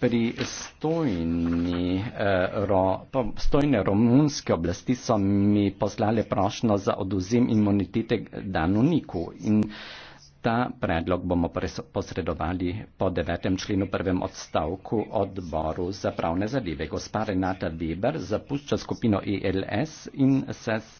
pri stojni, eh, ro, stojne romunske oblasti so mi poslali prošno za oduzim imunitete Danuniku in ta predlog bomo posredovali po devetem členu prvem odstavku odboru za pravne zadeve. Gospa Renata Weber zapušča skupino ELS in se